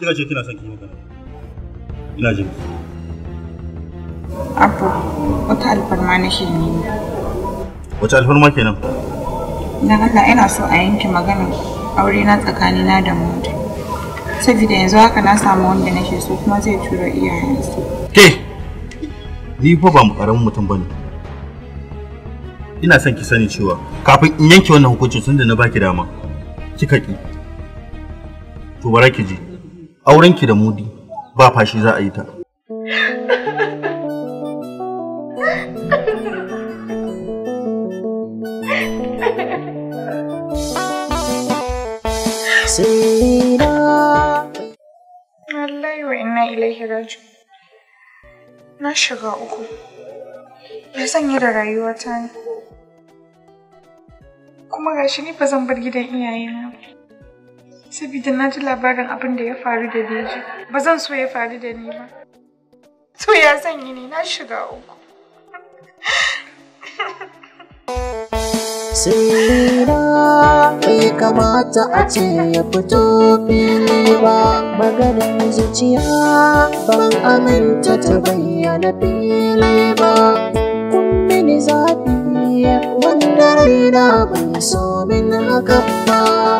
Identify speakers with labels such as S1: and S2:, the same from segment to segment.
S1: kika ce kina son ki magana ina jin abu wata alfarma na shi ne wata alfarma kenan dan Allah ina so a yanke magana aure na tsakani na da mutu saboda yanzu haka na samu wanda nake so kuma zai tura iyayensu ke ni fa ba mu karamin mutum bane ina son ki sani cewa kafin in yanke wannan hukunci, tun da na baki dama kika ki to bara ki je aurenki da mudi ba fashi za a yi ta Na shiga uku. Me zan yi da rayuwata ne? Kuma gashi ni ba zan bar gidan iyayena ba. Saboda na ji labarin abin da ya faru da Deji, ba zan so ya faru da ni ba. To ya zan yi ne na shiga uku. Sirina bai kamata a ce ya fito fili ba maganin zuciya ban aminta ta bayyana fili ba. Kun mini zafi wanda raina bai so min haka ba.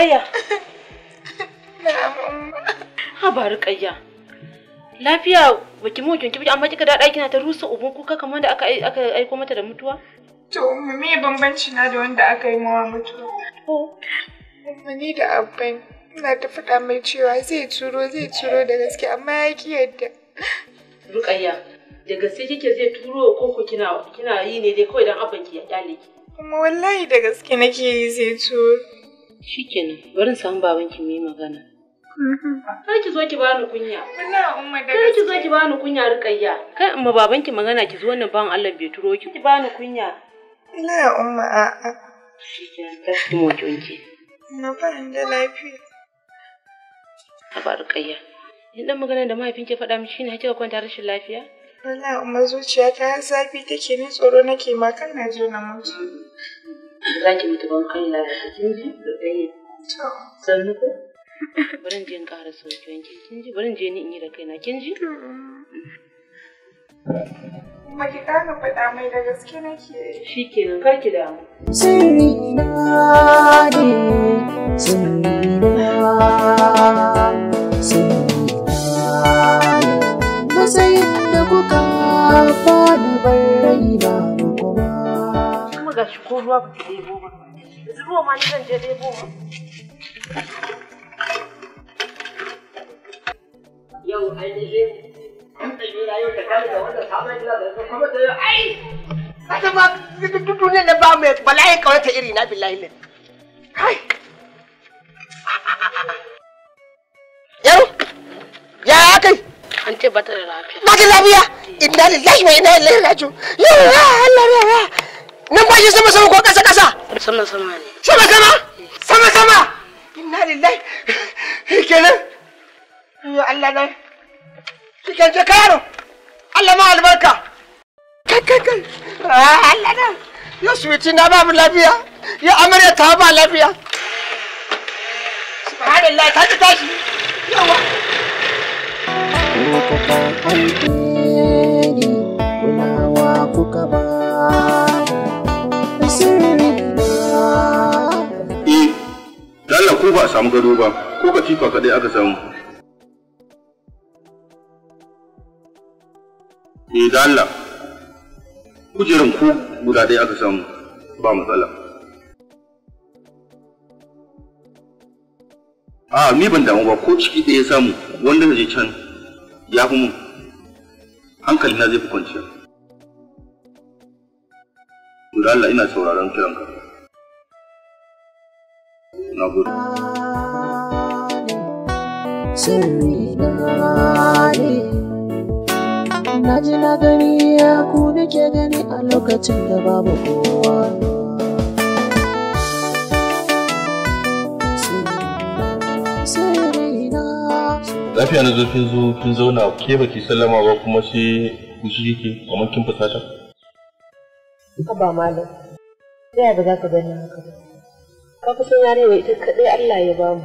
S1: Ruƙayya. ba Ruƙayya. Lafiya baki mu kinki amma kika da ɗaki na ta rusa ubun kuka kamar da aka aka aiko mata da mutuwa? To me bambanci na da wanda aka yi mawa mutuwa? Oh. ni da abban ina ta faɗa mai cewa zai turo zai turo da gaske amma ya ki yadda. Ruƙayya da gaske kike zai turo ko ku kina kina yi ne dai kawai dan abban ki ya kyale ki. Kuma wallahi da gaske nake yi zai turo. Shikenan, bari samu baban mu yi magana. Mm-hmm. Kar ki zo ki bani kunya. Wallahi umma da Kar ki zo ki bani kunya rikayya. Kai amma ki magana ki zo nan ban Allah bai turo ki. Ki bani kunya. Ina umma a'a. Shikenan, tashi mu jonki. Na fahimta lafiya. ba rukayya. Yin dan magana da mahaifinki faɗa miki shine kika kwanta rashin lafiya? Allah umma zuciya ta zafi take ni tsoro nake ma kan na je na mutu. za ki mutu ban Allah kin ji to sannu ko barin je in ƙara sauƙin ki kin ji barin je ni in yi da kaina kin ji mm. kuma ki ƙara faɗa mai da gaske nake shi kenan kar ki damu sirri na ne sirri na ko ruwa ba ki ɗebo ba yanzu ruwa ma ni zan je ba yau ainihin da ba duniyar na ba mai kawata iri na billahi ne kai yau ya kai an ce bata da lafiya lafiya lillahi wa yau Allah ya numfashi sama sama ko kasa kasa sama sama ne sama sama sama sama inna lillahi kenan yo Allah kikan je karo Allah ma albarka kai kai kai ah, Allah yo suwiti na babu lafiya yo amarya ta ba lafiya subhanallah ta tashi yawa ba a samu gado ba ko katifa kaɗai aka samu eh da Allah kujeran ku guda ɗaya aka samu ba matsala a ni ban damu ba ko ciki ɗaya samu wanda na je can ya fi mun hankali na zai fi kwanciya da Allah ina sauraron kiranka na gudu sirri na na ji na gani ya ku nake gani a lokacin da babu kowa lafiya na zo kin kin zauna ke baki sallama ba kuma sai ku shi ke kamar kin fusata ka ba malam ta yaya ba za ka gani haka ba ka fi sun yarewa ita kaɗai Allah ya bamu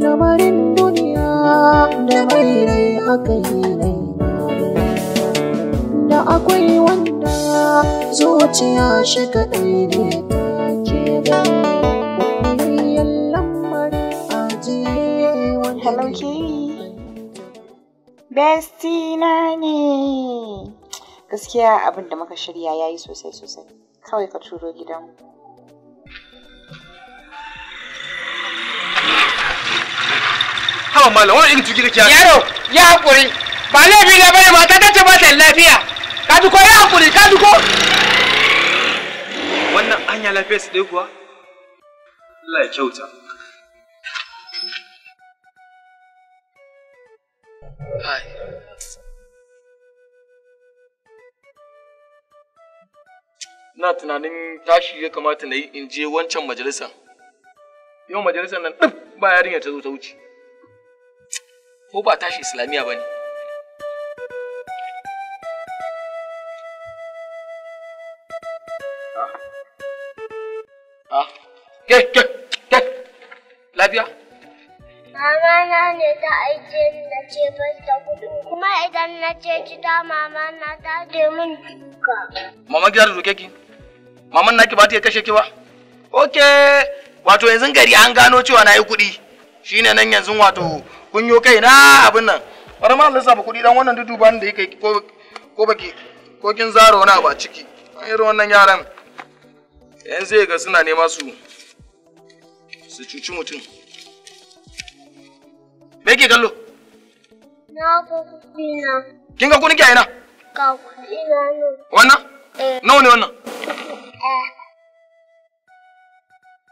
S1: lamarin duniya da mai rai aka yi da akwai wanda zuciya shi kaɗai ne ke da yayyan lamarin ajiye wani Besti na ne gaskiya abin da muka shirya ya yi sosai sosai kawai ka turo mu awa malam wani irin tukiri kake yaro ya hankuri ba laifi da bane mata ta ce ba ta lafiya ka duko ya hankuri ka duko wannan anya lafiya su dai kuwa Allah ya kyauta Hai. Na tunanin tashi ya kamata na yi in je wancan majalisar. Yau majalisar nan ɗin ba yarinya ta zo ta wuce. ko ba tashi islamiyya ba ne ah. Ah. lafiya? Mama na ne ta aike ni na ce ban ta kudu kuma idan na ce gida mama na ta je min duka. Mama gida da duke ki? Maman ki, ba ta iya kashe ki ba? Ok, wato yanzu gari an gano cewa na yi kuɗi shine nan yanzu wato kun yo kai na abin nan bari ma Allah saba kuɗi dan wannan dudu ban da yake ko ko baki ko kin zaro na ba ciki irin wannan yaran yan zai ga suna nema su su cuci mutum me ke kallo na ko kuɗina kin ga kuɗi ke na. ka na no wannan eh. nawa ne wannan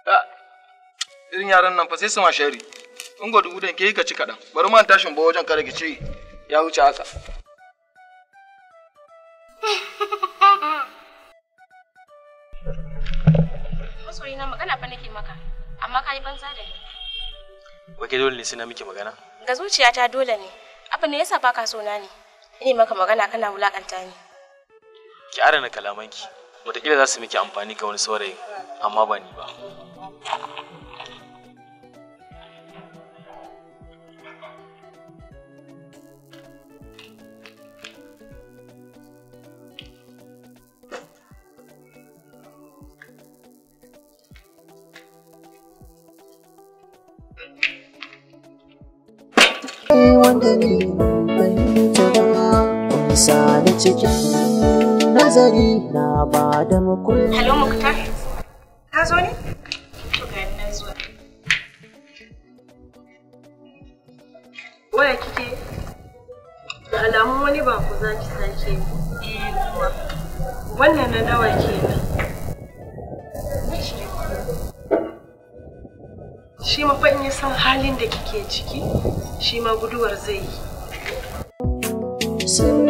S1: eh. ah, irin yaran nan fa sai su ma shari Ungo dubu da ke ka ci kaɗan. Bari man tashin ba wajen kare ki ce ya wuce haka. Masoyi na magana fa nake maka, amma ka yi banza da ni. Wake dole ne sai na miki magana? Ga zuciyata dole ne. abu ne yasa ba ka so na ne? Ina maka magana kana wulakanta ni. Ki arana kalamanki. Wataƙila za su miki amfani ga wani saurayi, amma ba ni ba. wanda ni fahimta ba misali cikin nazari na ba da mukul. Hello Muktar, ka zo ne? Waya kike da alamun wani ba ku za ki sake yi. Eh, Wannan na dawa ke shi ma fa in ya san halin da kike ciki shima guduwar zai yi.